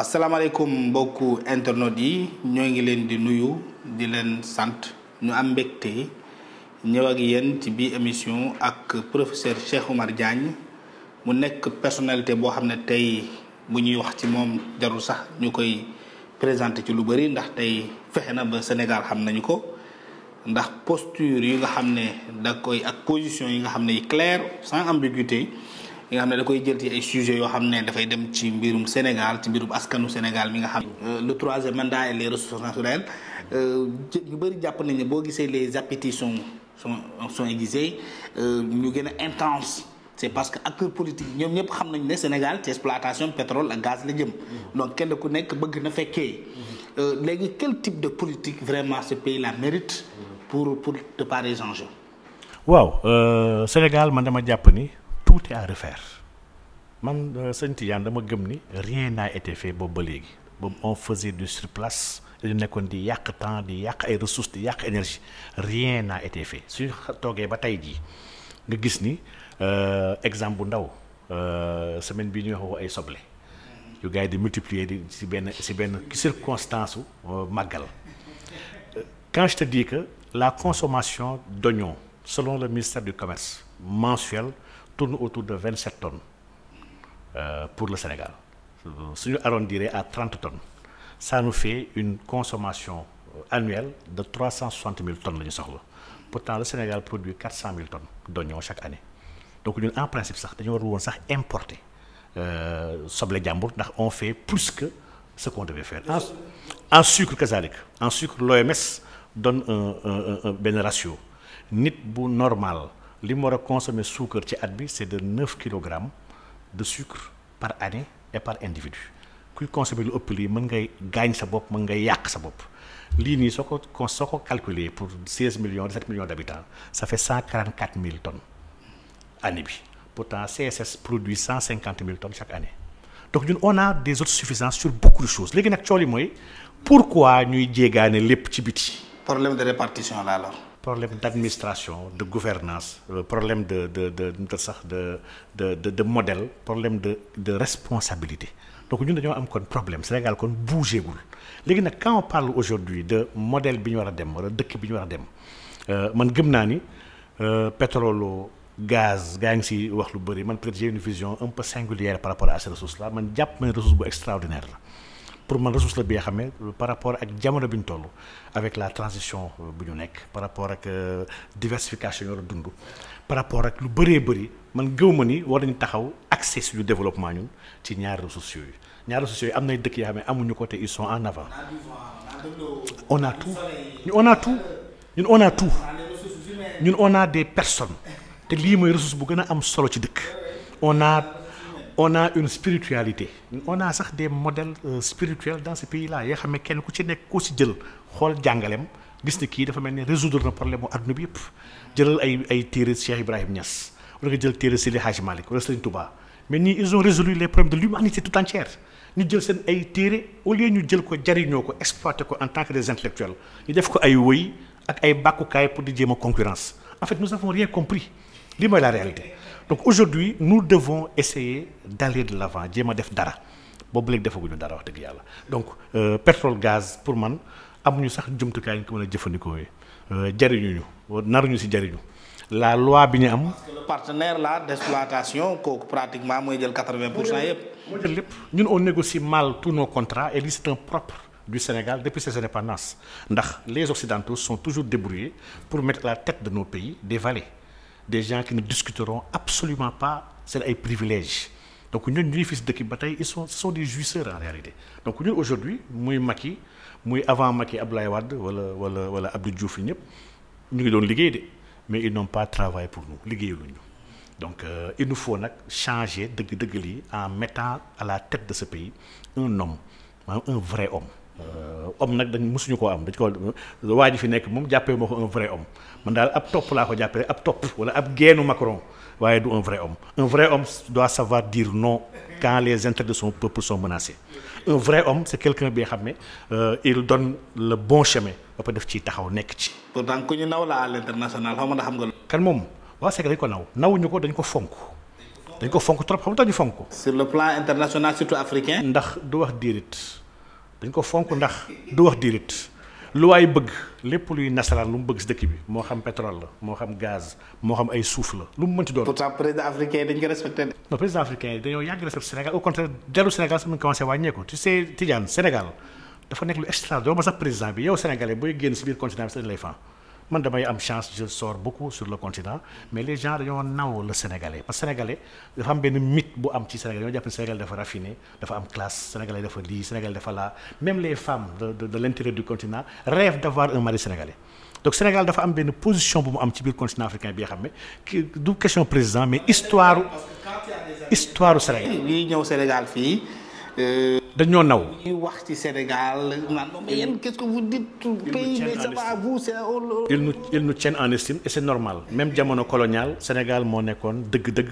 asalaamaaleykum mbokku internet yi ñoo ngi leen di nuyu di leen sant ñu am mbégte ñëw ak yéen ci bii émission ak professeur Cheikh Oumar Diagne mu nekk personnalité boo xam ne tey bu ñuy wax ci moom jarul sax ñu koy présenté ci lu bëri ndax tey fexe na ba Sénégal xam nañu ko ndax posture yi nga xam ne da koy ak position yi nga xam ne yi claire sans ambiguïté yi nga xam ne koy jël ci ay yoo xam ne dafay dem ci mbirum Sénégal ci mbirum askanu Sénégal mi nga xam euh, le troisième mandat et les ressources naturelles euh, ñu bëri jàpp nañu ne boo gisee les appétits sont sont sont aiguisés euh, ñu gën a intense c'est parce que acteurs politiques ñoom ñëpp xam nañu ne Sénégal ci exploitation pétrole ak gaz la jëm donc kenn ku nekk bëgg na fekkee léegi quel type de politique vraiment ce pays la mérite pour pour de pareils enjeux waaw Sénégal man dama jàpp ni tout est à refaire man euh, sëñ Tidiane dama gëm ni rien n'a été fait boobu ba léegi boobu on faisait du surplace dañu nekkoon di yàq temps di yàq ay ressources di yàq énergie rien n'a été fait suñu toogee ba tey jii nga gis ni euh, exemple bu ndaw euh, semaine bi ñuy wax ay soble yu gars yi di multiplier di si benn si benn circonstance su màggal quand je te dis que la consommation d'oignons selon le ministère du commerce mensuel tourne autour de vingt sept tonnes euh, pour le Sénégal su ñu arrondirait à trente tonnes ça nous fait une consommation euh, annuelle de trois cent soixante mille tonnes la ñu soxla pourtant le Sénégal produit quatre cent mille tonnes d'oignons chaque année donc ñun en principe sax dañu war woon sax importer euh, soble jàmbur ndax on fait plus que ce qu'on devait faire en, en sucre kazalik en sucre l'OMS donne un, un, benn ratio nit bu normal li mu war a consommer suukar ci at bi c' est de neuf kilogrammes de sucre par année et par individu kuy consommer lu ëpp lii mën ngay gaañ sa bopp mën ngay yàq sa bopp lii nii soo ko soo ko calculer pour seize millions dix-sept millions d' habitants ça fait cent quarante quatre mille tonnes année bi pourtant CSS produit cent cinquante mille tonnes chaque année donc ñun on a des autosuffisances sur beaucoup de choses léegi nag cool yi mooy pourquoi ñuy jéegaane lépp ci biti. problème de répartition la alors. problème d'administration de gouvernance euh, problème de de de de sax de de de de modèle problème de de responsabilité donc ñun dañoo am kon problème Sénégal kon bougé gul léegi nag quand on parle aujourd'hui de modèle bi ñu war a dem wala dëkk bi ñu war a dem euh, man gëm naa ni euh, pétrole gaz gaa ngi si wax lu bëri man peut-être j'ai une vision un peu singulière par rapport à ces ressources là man jàpp ma ne ressource bu extraordinaire la pour man ressource la bi nga xam ne par rapport ak jamono bi ñu toll avec la transition euh, bu ñu nekk par rapport ak euh, diversification yoo la dund par rapport ak lu bëree bëri man gëw ma ni war nañu taxaw accès suñu développement ñun ci ñaari ressources yooyu ñaari ressources yooyu am nay dëkk yoo xam ne amuñu ko te ils sont en avant on a tout ñun on tout ñun on tout ñun on des personnes te lii mooy ressource bu gën a am solo ci dëkk on a une spiritualité on a sax des modèles euh, spirituels dans ce pays là yoo xam ne kenn ku ci nekk koo si jël xool jàngaleem gis ne kii dafa mel ni résoudre na problème mu adduna bi yëpp jëlal ay ay téere Cheikh Ibrahim Niass wala nga jël téere Seydi Hadji Malick wala Serigne Touba mais ni ils ont résolu les problèmes de l'humanité tout entière ñu jël seen ay téere au lieu ñu jël ko jariñoo ko exploiter ko en tant que des intellectuels ñu def ko ay woy ak ay bàkkukaay pour di jéem a concurrence en fait nous avons rien compris li donc aujourd'hui nous devons essayer d'aller de l'avant jéem a def dara boobu léegi defaguñu dara wax dëgg yàlla donc euh, pétrole gaz pour man amuñu sax jumtukaay yi ñu ko mën a jëfandikoo euh, jariñuñu naruñu si jariñu la loi bi ñu am. le partenaire là d'exploitation kooku pratiquement mooy jël quatre-vingts pour cent yëpp. mooy jël lépp ñun on négocie mal tous nos contrats et c'est propre du Sénégal depuis ses indépendances ndax les occidentaux sont toujours débrouillés pour mettre à la tête de pays des vallées. des gens qui ne discuteront absolument pas seen ay privilèges donc ñun ñuy fis dëkk ba tey ils sont sont des jouisseurs en réalité donc ñun aujourd'hui muy Macky muy avant Macky Abdoulaye Wade wala wala wala Abdou Diouf ñëpp ñu ngi doon liggéey de mais ils n'ont pas travaillé pour nous liggéeyaluñu donc euh, il nous faut nag changer dëgg-dëgg li en mettant à la tête de ce pays un homme maanaam un vrai homme Euh, homme nag dañ mosuñu koo am dañ ko waa ji fi nekk moom jàppee moo ko un vrai homme man daal ab topp laa ko jàppee ab topp wala ab geenu Macron waaye du un vrai homme un vrai homme doit savoir les intérêts de son peuple sont bi xam ne euh, il donne le bon chemin ba def ci taxaw nekk ci pourtant ku ñu naw la à l'international ma na xam nga kan moom waaw c'est que ko naw nawuñu ko dañ ko fonk dañ ko fonk trop xam nga tax fonk ko sur le plan international surtout africain ndax du wax d dañ ko fonk ndax du wax diirit lu waay bëgg lépp luy nasaraan lu mu bëgg si dëkk bi moo xam pétrole la moo xam gaz moo xam ay suuf la lu mu mënti doon. pourtant président africain dañ ko respecté. non président africain yi dañoo yàgg respecté Sénégal au contraire dellu Sénégal sax mu ngi commencé wàññeeku tu sais Tidiane Sénégal dafa nekk lu extraordinaire ma sax président bi yow sénégalais booy génn si biir continent bi sax lay fan man damay am chance je sors beaucoup sur le continent mais les gens dañoo naw le sénégalais parce que sénégalais dafa am benn mythe bu am ci sénégalais dañoo jàpp ne sénégalais dafa raffiné dafa am classe sénégalais dafa lii sénégalais dafa laa même les femmes de l'intérieur du continent rêvent d'avoir un mari sénégalais donc Sénégal dafa am benn position bu mu am ci biir continent africain bi nga xam ne ki du question mais histoire histoire du Sénégal. ñuy ñëw Sénégal fii. dañoo naw. wax ci Sénégal naan mais yéen il nous il en estime et c'est normal même jamono colonial Sénégal moo nekkoon dëgg-dëgg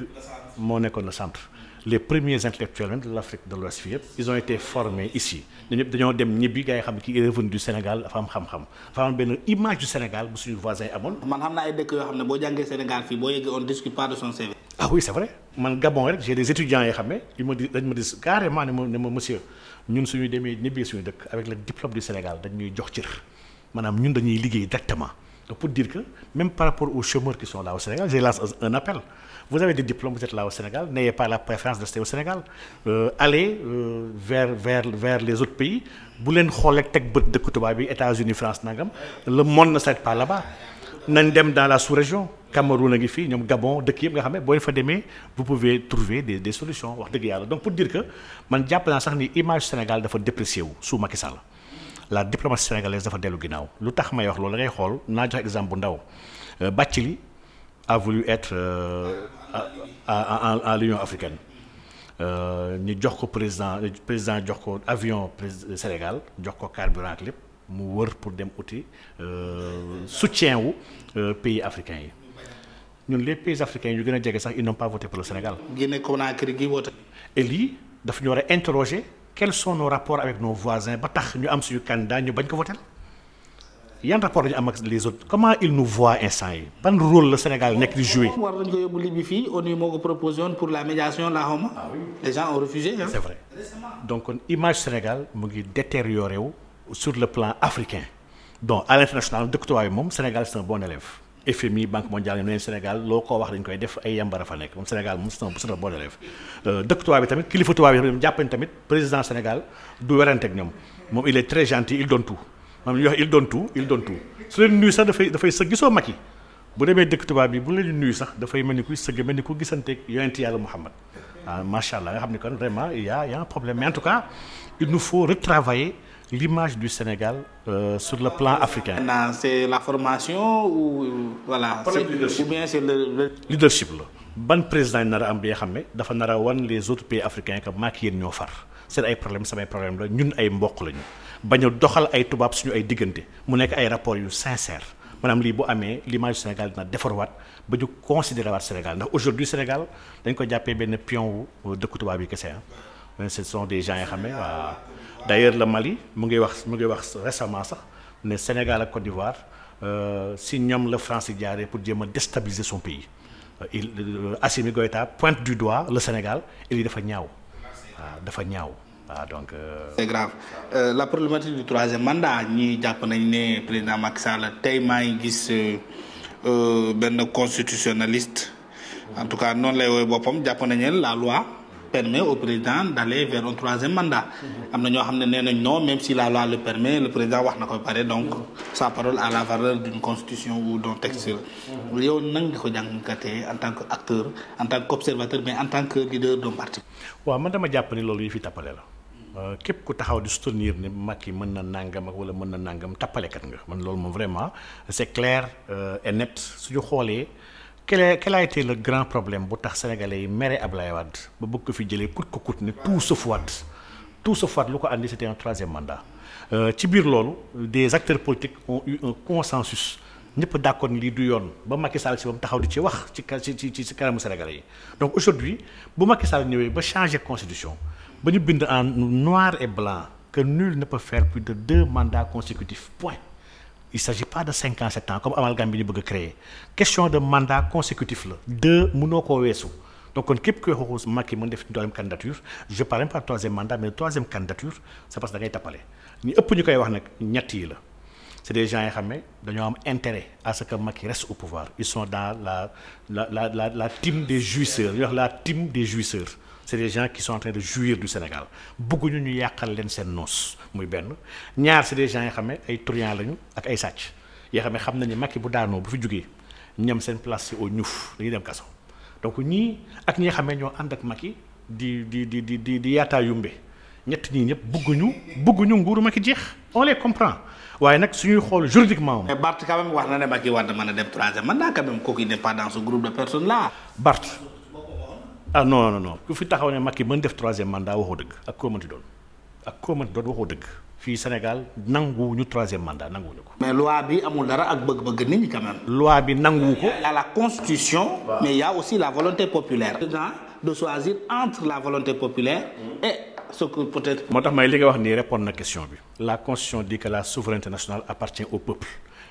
moo nekkoon le centre. les premiers intellectuels de l'Afrique de l'Ouest fii yëpp ils ont été formés ici dañoo dem ñibbi gars yi xam ne kii est du Sénégal dafa am xam-xam dafa am benn image du Sénégal bu suñu voisin amoon. man xam naa ay dëkk yoo xam ne boo jàngee Sénégal fii boo yeggee on discute pas de son CV. ah oui c'est vrai man Gabon rek j'ai des étudiants yoo xam ne ils me dañ ma dis carrément ne ma ne ma monsieur ñun suñu demee ñibbi suñu dëkk avec le diplôme du ñuy liggéey directement donc pour dire que vous avez des diplômes vous êtes là au Sénégal n'ayez pas la préférence de rester au Sénégal euh, allez euh, vers les autres pays bu leen xool xoolee teg bët dëkku tubaab bi États-Unis France nangam le monde ne s'arrête pas là-bas nañ dem dans la sous-région Cameroun a ngi fii ñoom Gabon dëkk yëpp nga xam ne boo fa demee vous pouvez trouver des solutions wax dëgg yàlla donc pour dire que man jàpp naa sax ni image Sénégal dafa déprécié wu su Macky Sall la diplomatie sénégalaise dafa dellu ginnaaw lu tax may wax loolu da ngay xool naa exemple bu ndaw euh, a voulu être en euh, en l'Union africaine euh, ñu jox ko président président jox ko avion Sénégal jox ko carburant lépp mu wër pour dem uti euh, soutien wu pays africains yi ñun les pays africains yu gën a jege sax ils n'ont pas voté pour le Sénégal. Guinée Conakry gi woote. et lii ñu war a interroger quels sont nos rapports avec nos voisins ba tax ñu am suñu candidat ñu bañ ko voté. yan rapport la ñu am ak les autres comment ils nous voient instant yi ban rôle la Sénégal nekk di jouer. war ko yóbbu Libye fii ONU moo ko proposé pour la médiation la xaw ma. Ah les gens ont refusé. c' vrai donc kon image Sénégal mu ngi détérioré wu sur le plan africain donc à l' international dëkkutuwaay moom Sénégal c' est un bon élève. FMI Banque mondiale ñu Sénégal loo ko wax dañ koy def ay yambara fa nekk moom Sénégal moom c'est bon élève euh, dëkk tubaab bi tamit kilifa tubaab jàpp tamit président Sénégal du werante ñoom moom il est très gentil il maanaam ñu il donne tout il donne tout su leen nuyu sax dafay dafay sëg gisoo mag yi bu demee dëkk tubaab bi bu leen nuyu sax dafay mel ni kuy sëgg mel ni ku gisanteeg yonent yàlla Muhammad ah macha allah nga xam ni kon vraiment il y a il y a un problème mais en tout cas euh, le plan africain. maintenant c'est la formation ou voilà. ou bien c'est le leadership la. ban président yi nar am bi nga xam ne dafa nar a wan les autres pays africains que maak yéen ñoo far seen ay problème samay problème la ñun ay mbokk lañu. bañ a doxal ay tubaab suñu ay diggante mu nekk ay rapports yu sincère maanaam lii bu amee l'image Sénégal dina defarwaat ba ñu considéré waat Sénégal ndax aujourd'hui Sénégal dañ ko jàppee benn pion wu euh, dëkku tubaab yi kese ah ce sont des gens xam ne waa d'ailleurs le Mali mu ngi wax mu ngi wax récemment sax ne Sénégal ak Côte d'Ivoire euh, si ñoom la France jaaree pour jéem a déstabiliser son pays il pointe du doigt le Sénégal et dafa ñaaw waaw dafa ñaaw ah donc. Euh, c'est grave euh, la problématique du troisième mandat ñi jàpp nañ ne président Macky Sall tey maa ngi gis euh, benn constitutionnaliste. en tout cas noonu lay woowee boppam jàpp nañ ne la loi. permet au président d'aller vers un troisième mandat. am na ñoo xam ne nee nañ non même si la loi le permet le président wax na ko pare donc sa parole à la valeur d'une constitution ou d'un texte. yow nan nga ko jàngatee en tant que acteur en tant qu'observateur mais en tant que leader d'un loolu yi fi la. Euh, képp ku taxaw di soutenir ne yi mën na nàngam ak wala mën na nàngam tappalekat nga man loolu moom vraiment c'est clair euh, et net suñu xoolee quel quel a été le grand problème bu tax sénégalais yi mere Ablaye Wade ba bëgg ko fi jëlee kut ko kut ne tout sauf Wade tout sauf Wade lu ko andi c'était un troisième mandat euh, ci biir loolu des acteurs politiques ont eu un consensus ñëpp d'accord ni lii du yoon ba Macky Sall si ba mu taxaw di ci wax ci ci ci ci kanamu sénégalais yi donc aujourd'hui bu Macky Sall ñëwee ba changer constitution ba ñu bind en noir et blanc que nul ne peut faire plus de deux mandats consécutifs point il s'agit pas de cinq ans sept ans comme amalgame bi ñu bëgg a créer question de mandat consécutif la deux mënoo ko weesu donc kon képp kuy waxu Macky mën def troisième candidature je parle même pas de troisième mandat mais troisième candidature c'est parce que tappale ñu ëpp ñu koy wax nag ñett yi la c'est des gens yi xam ne dañoo am intérêt à ce que Macky reste au pouvoir la la la la la team des jouisseurs ñu wax des jouisseurs c'est des gens qui sont en train de jouir du Sénégal bëgguñu ñu yàqal leen seen noos muy benn ñaar c'est des gens yoo xam ne ay truand lañu ak ay sàcc yoo xam ne xam nañu Macky bu daanoo bu fi jugee ñam seen place si au ñuuf dañuy dem kaso donc ñii ak ñi nga xam ne ñoo ànd ak Macky di di di di di di yaataa yumbe ñett ñii ñëpp bëgguñu bëgguñu nguuru Macky jeex on les comprend waaye nag suñuy xool juridiquement. mais Barth quand même wax na ne Macky war na mën a dem troisième mandat quand même kooku il n'est pas dans ce ah non no non ku fi taxaw ne Macky mën def troisième mandat waxoo dëgg ak koo mënti doon ak koo mënti doon waxoo dëgg fii Sénégal nangu nanguwuñu troisième mandat la ko. mais loi bi amul dara ak bëgg-bëgg nit ñi bi nanguwu ko. à la constitution. mais il y aussi la volonté populaire. dedans de choisir entre la volonté populaire. et ce que peut-être. moo tax may li nga wax nii répondre na question bi. la constitution dit que la souveraineté nationale appartient au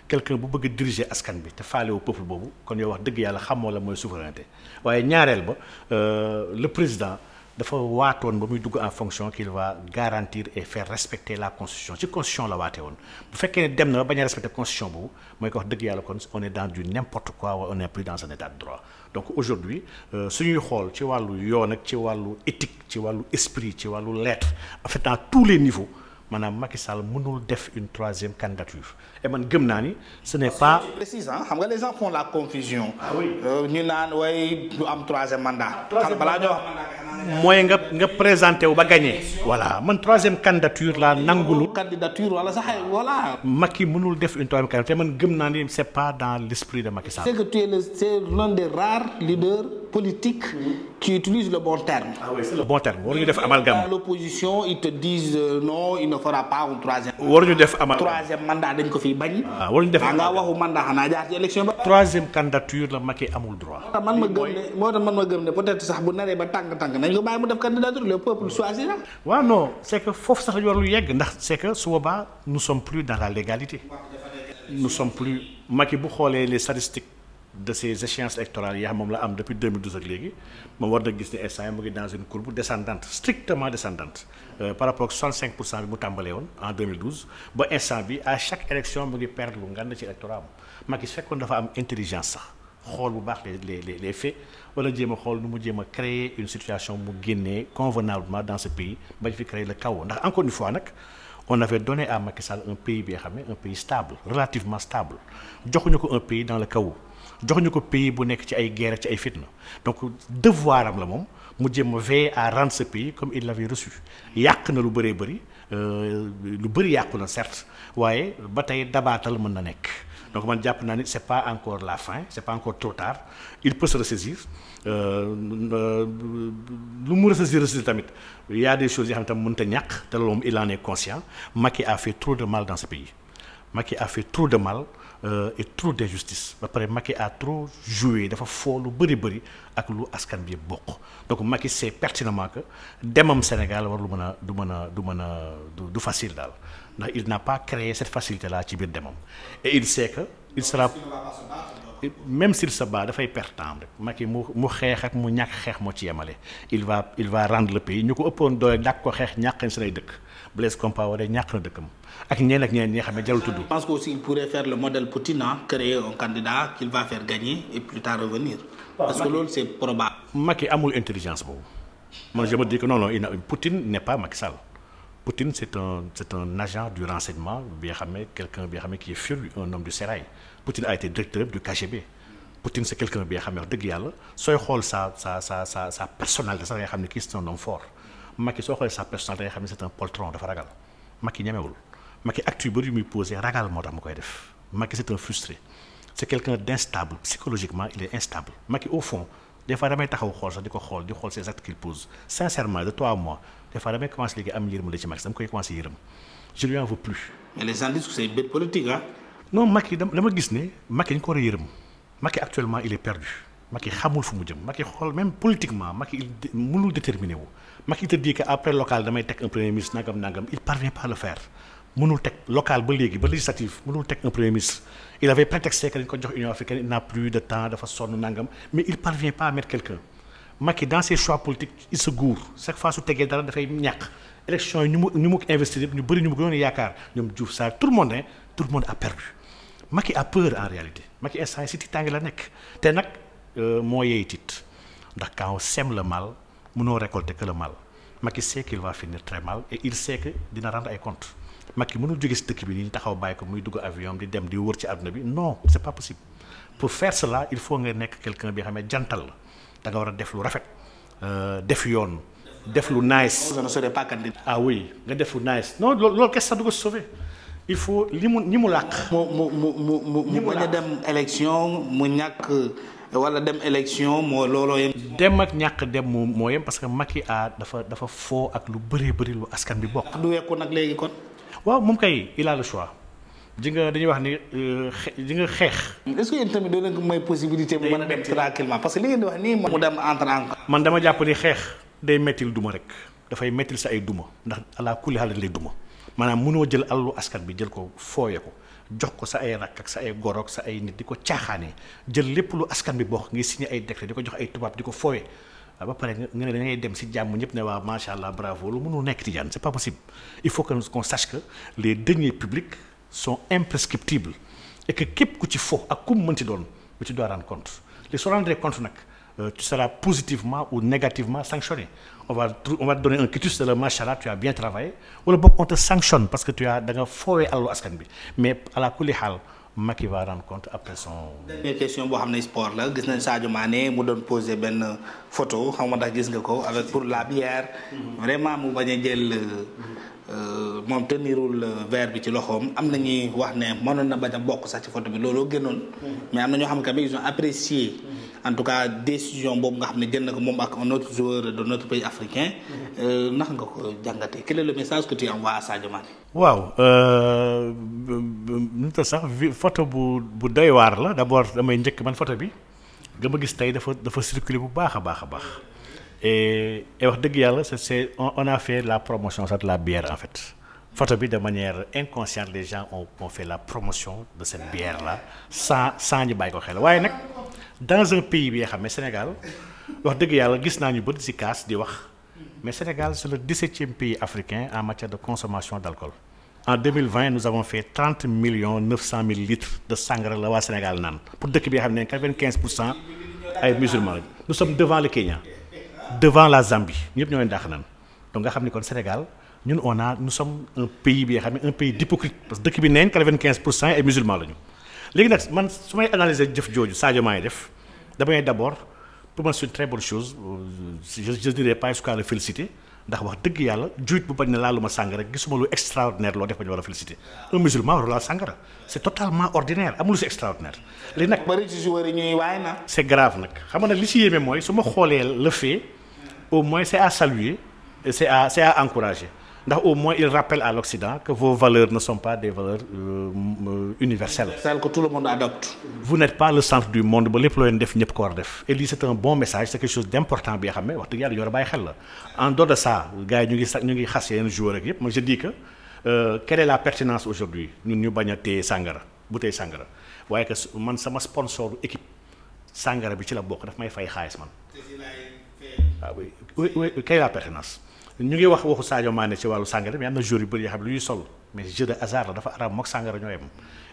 quelqu'un bu bëgg a diriger askan bi te faalewu peuple boobu kon yow wax dëgg yàlla xamoo la mooy souveraineté waaye ñaareel ba euh, le président dafa waatoon ba muy dugg en fonction qu'il va garantir et faire respecter la constitution ci constitution la waatee woon bu fekkee ne dem na ba bañ a respecter constitution boobu mooy ko wax dëgg yàlla kon on est dans du n'importe quoi wala on n'est plus dans un état de droit donc aujourd'hui euh, suñuy xool ci wàllu yoon ak ci wàllu éthique ci wàllu esprit ci wàllu lettre en fait dans tous maanaam Macky Sall mënul def une troisième candidature et man gëm naa ni ce n'est pas. précise xam nga les font la confusion. Ah euh, ñu naan way du am troisième mandat. balaa ñoo mooy nga nga présenté wu ba gagné. voilà man troisième candidature laa nangulu. candidature wala sax voilà. Macky mënul def une troisième candidature man gëm naa ni c'est pas dans l'esprit de Macky c'est que tu es l'un des rares leaders. politique qui utilise le bon terme. ah oui c'est le bon terme waruñu def amalgame. l'opposition ils te disent euh, non il ne fera pas un troisième. waruñu def amalgame troisième mandat dañ ko fi bañ. ah waruñu def amalgame nga waxu mandat xanaa jaar ci élection ba. troisième candidature la Macky amul droit. man ma gëm moo tax man ma gëm ne peut-être sax bu naree ba tàng tàng nañ ko bàyyi mu def candidature le peuple choisira. waaw non c'est que foofu sax dañu war lu yegg ndax c'est que su boobaa nous sommes plus dans la légalité. nous sommes plus Macky bu xoolee les statistiques. de ces échéances électorales yi moom la am depuis 2012 ak léegi moom war na gis ne instant mu ngi dans une courbe descendante strictement descendante euh, par rapport ak 65 pour cent bi mu tàmbalee woon en ba instant bi à chaque élection mu ngi perdre lu ngand ci électorat am Macky fekkoon dafa am intelligence sax xool bu baax les les les faits wala jéem a xool nu mu jéem a créer une situation mu génnee convenablement dans ce pays bañ fi créer le chaos ndax encore une fois nag. on avait donné à Macky Sall bi nga xam ne un pays stable relativement stable ko un pays dans le chaos jox ñu ko pays bu nekk ci ay guerre ci ay fitna donc devoir am la moom mu jéem a veiller à rendre ce pays comme il l'avait reçu yàq na lu bëree bëri euh, lu bëri yàqu na certes waaye ba tey dabaatal mën na nekk donc man jàpp naa ni c'est pas encore la fin c'est pas encore trop tard il peut se ressaisir euh, euh, lu mu ressaisir ressaisir tamit il y a des choses xam ne tam mënta ñàkk te loolu moom il en est conscient Macky a fait trop de mal dans ce pays Macky a fait trop de mal euh, et de d'injustice ba pare Macky a trop joué dafa foo lu bëri bëri ak lu askan bi bokk donc Macky sait pertinemment que demam Sénégal war lu mën a du mën a du mën a du facile daal ndax il n'a pas créé cette facilité là ci biir demam et il sait que il sera même s'il se bat dafay perte temps rek Macky mu mu xeex ak mu ñàkk xeex moo ci yemale il va il va rendre le pays ñu ko ëppoon doole dàq ko xeex ñàq na seen dëkk Blaise Compaoré ñàq na dëkkam ak ñeneen ak ñeneen ñi nga xam ne jarul tudd. je que aussi il pourrait faire le modèle Poutine créer un candidat qu'il va faire gagner et plus tard revenir. parce que loolu c'est probable. Macky amul intelligence boobu man je me dis que non non il Poutine n'est pas Macky Sall Poutine c'est un c'est agent du renseignement bi nga xam ne quelqu'un bi nga xam ne qui est furieux un homme du sérail Poutine a été directeur du KGB. Poutine c'est quelqu'un bi nga xam ne wax dëgg yàlla sooy xool sa sa xam ne kii c'est un homme soo xoolee sa xam ne c'est un dafa ragal Macky ñemewul. Macky actes ragal moo tax mu koy def Macky c'est un frustré c'est quelqu'un d'instable psychologiquement taxaw xool sax di ko xool di xool ses actes qu'il pose sincèrement de toi à dama koy commencé yërëm je lui gis ne Macky ko war a yërëm Macky actuellement il est perdu Macky xamul fu mu jëm Macky xool même politiquement Macky il mënul déterminer wu Macky te dit après local damay teg un premier ministre nangam nangam il parvient pas le faire. mënul teg local ba léegi ba législative mënul teg un premier ministre il avait prétexté que dañ ko jox Union africaine il n'a plus de temps dafa sonn nangam mais il parvient pas à mettre quelqu'un Macky dans ses choix politiques il se gourre chaque fois su tegee dara dafay ñàkk élection yi ñu mu ñu mu investir yëpp ñu bëri ñu mu gënoon yaakaar ñoom Diouf Sarr tout le monde tout le monde a perdu Macky a peur en réalité Macky instant yi si tiitaange la nekk te nag euh, moo yeey ndax quand on mal mënoo récolter que mal Macky sait qu'il va finir mal et dina rendre ay comptes Macky mënul jóge si dëkk bi ni taxaw bàyyi ko muy dugg avion di dem di wër ci àdduna bi non c'est pas possible pour faire la il faut nga nekk quelqu'un bi xam ne jantal la danga war a def lu rafet euh, def yoon def lu nice ah oui nga def lu nice non loolu kese sax du sauver il faut li mu ñi mu làq mu mu mu mu mu bañ a dem élection mu ñàkk wala dem élection moo looloo yem dem ak ñàkk dem moo yem parce que Macky a dafa dafa foo ak lu bëree bëri lu askan bi bokk du wekku nag léegi kon waaw moom kay il a le ji nga dañuy wax ni ji euh, nga xeex. est-ce que yéen tamit doo leen may possibilité. day mën dem tranquillement parce que li ngeen di wax nii mu dem entre man dama jàpp ni xeex day mettil duma rek dafay mettil sa ay duma ndax allah kulli aal lay duma maanaam mënoo jël alalu askan bi jël ko fooye ko jox ko sa ay rakk ak sa ay goro sa ay nit di ko caaxaanee jël lépp lu askan bi bokk ngi signé ay décret di ko jox ay tubaab di ko fooye ba pare nga ne da dem si jàmm ñëpp ne waa macha allah bravo lu mënul nekk Tidiane c' est pas possible il faut que qu'on sache que les deniers publics sont imprescriptibles et képp ku ci fo ak ku mu mënti doon bu ci doit rendre compte li soo rendre compte nag euh, tu seras positivement ou négativement sanctionné on va on va donner un quitus de la macha allah tu as bien travaillé wala boo on te sanctionne parce que tu a da nga foowee mais ala kulli Macky va rendre compte après son. dernière question boo xam ne sport la gis nañ Sadio Mané mu doon posé benn photo xam ndax gis nga ko avec pour la bière. Mhm. vraiment mu bañ a jël euh, euh, moom tenirul euh, verre bi ci loxoom am na ñuy wax ne mënoon na bañ a bokk sax ci photo bi looloo gënoon. Mhm. mais am na ñoo xam ne ils ont apprécié. Mhm. en tout cas décision boobu nga xam ne jël na ko moom ak un autre joueur de notre pays africain. Euh, ndax nga ko jàngatee quel est message que tu envoies à Sadio Mané. waaw euh, nu ko sax vi bu bu doy waar la d' abord damay njëkk man photo bi nga ma gis tey dafa dafa circuler bu baax a baax a baax. et wax dëgg yàlla c' est on a la promotion sax de la bière en fait photo bi de manière inconsciente les gens ont fait la promotion de cette bière là sans sans dans un pays bi nga xam ne Sénégal wax dëgg yàlla gis naa ñu bëri si kaas di wax mais Sénégal c'est le dix-septième pays africain en matière de consommation d'alcool en 2020 nous avons fait 30 millions 900 mille litres de sangara la waa Sénégal naan pour dëkk bi nga xam ne 95 pour cent ay musulmans lañu nous sommes devant le Kenya devant la Zambie ñëpp ñoo leen dàq naan donc nga xam ni kon Sénégal ñun on a nous sommes un pays bi nga xam un pays d'hypocrite parce que dëkk bi neen ay musulmans léegi nag man su may analyser jëf jooju Sadio Mané def damay d' abord pour moi c'est une très bonne chose euh, je je dirais pas jusqu'à le féliciter ndax wax dëgg yàlla juit bu bañ ne laaluma sàngara gisuma lu extraordinaire loo def ba ñu war a féliciter un musulman warul laal sàngara c' est totalement ordinaire amul si extraordinaire. léegi nag bari ci joueur yi ñuy waay na. c' grave nag xam nga nag li si yéeme mooy su ma xoolee le fait au moins c' est à saluer c' à c' ndax au moins il rappelle à l'Occident que vos valeurs ne sont pas des valeurs euh, euh, universelles. vous n'êtes pas le centre du monde ba lépp loo def ñëpp ko war def et lii c'est un bon message c'est quelque chose d'important bi nga xam wax dëgg yàlla yor bàyyi xel la en dehors de ça gars ñu ngi sax ñu ngi xas yeneen joueurs ak yëpp man je dis que euh, la pertinence aujourd'hui ñun ñu bañ a téye sàngara bu téye sàngara waaye que man sama sponsor équipe sàngara bi ci la bo daf may fay xaalis man. ñu ngi wax waxu Sadio Mané ci wàllu sàngara mais am na joueurs yu bëri yoo xam ne lu ñuy sol mais jeu de hasard la dafa araam mook sàngara ñoo yem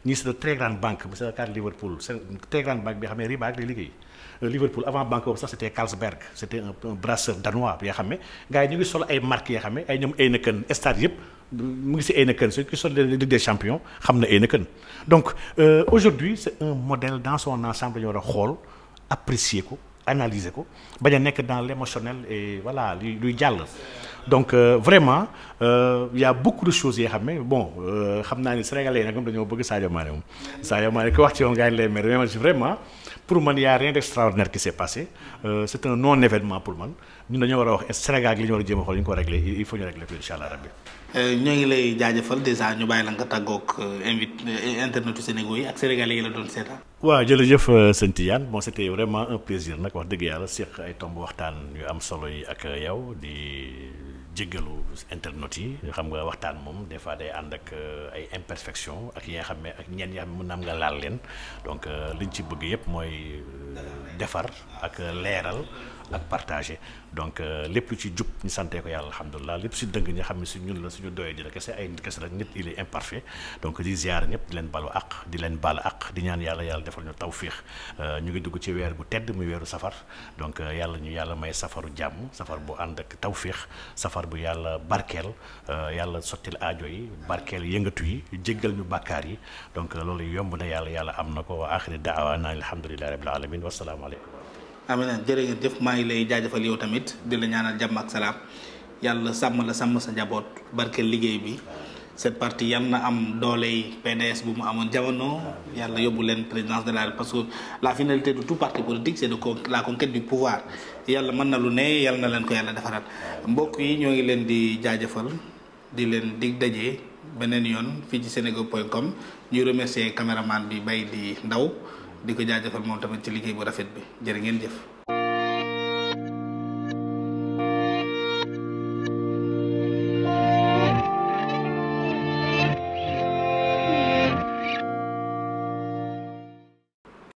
ñii c'est de très grande banque monsieur le Liverpool c'est une très grande bi xam ne Riba liggéey euh, Liverpool avant banque boobu sax c'était Carlsberg c'était un brasseur danois bi nga xam ñu ngi sol ay marques yi nga ay ñoom Heineken stade yëpp mu ngi si Heineken su ki sol Ligue des champions xam na Heineken donc euh, aujourd'hui c'est un modèle dans son ko analyser ko bañ a nekk dans l' émotionnel et voilà luy luy jàll. donc euh, vraiment euh, y' a beaucoup de choses yoo xam ne bon euh, xam naa ni sénégalais yi nag moom dañoo bëgg Sadio Mané moom Sadio Mané ko wax ci yoon gars yi lay mer vraiment pour man y' a rien d' extraordinaire qui s' est passé euh, non événement pour man ñun dañoo war a wax Sénégal gi ñu war a jéem a xool ñu ko réglé il faut ñu réglé ko incha allah rabbi. ñoo ngi lay jaajëfal dèjà ñu bàyyi la nga tàggoog invite internet yu Sénégal yi ak la doon seetaan. waaw jërëjëf euh, sëñ Tidiane bon c'était vraiment un plaisir nag wax dëgg yàlla seq ay tomb waxtaan yu am solo yi ak yow di jéggalu internet yi xam nga waxtaan moom des fois day ànd ak euh, ay imperfection ak yi nga xam ne ak ñenn yi xam ne mën na am nga laal leen donc euh, liñ ci bëgg yëpp mooy. defar ak leeral ak partagé donc euh, lépp lu ci jub ñu santee ko yàlla alhamdulilah lépp si dëng ñi xam ne si ñun la suñu doyee di la kese ay nit kese rek nit il est imparfait donc di ziar ñëpp leen balu àq di leen baal àq di ñaan yàlla yàlla defal ñu tawfiix euh, ñu ngi dugg ci weer bu tedd muy weeru safar donc euh, yàlla ñu yàlla may safaru jàmm safar bu ànd ak tawfiix safar bu yàlla barkeel yàlla sottil aajo yi barkeel yëngatu yi jéggal ñu bàkkaar yi donc loolu yomb na yàlla yàlla am na ko wa axiri daawaana asalaamaaleykum. amina jërë ngeen jëf maa ngi lay jaajëfal yow tamit di la ñaanal jàmm ak salaam yàlla sàmm la sàmm sa njaboot barkeel liggéey bi cette partie yal na am dooley PDS bu mu amoon jamono yàlla yóbbu leen présidence de laal République parce que la finalité de tout parti politique c'est de la conquête du pouvoir yàlla mën na lu ne yàlla na leen ko yàlla defaraat mbokk yi ñoo ngi leen di jaajëfal di leen dig daje beneen yoon fii ci senego point com ñuy remercier caméraman bi bay di ndaw di ko jaajëfal moom tamit ci liggéey bu rafet bi jërë ngeen jëf.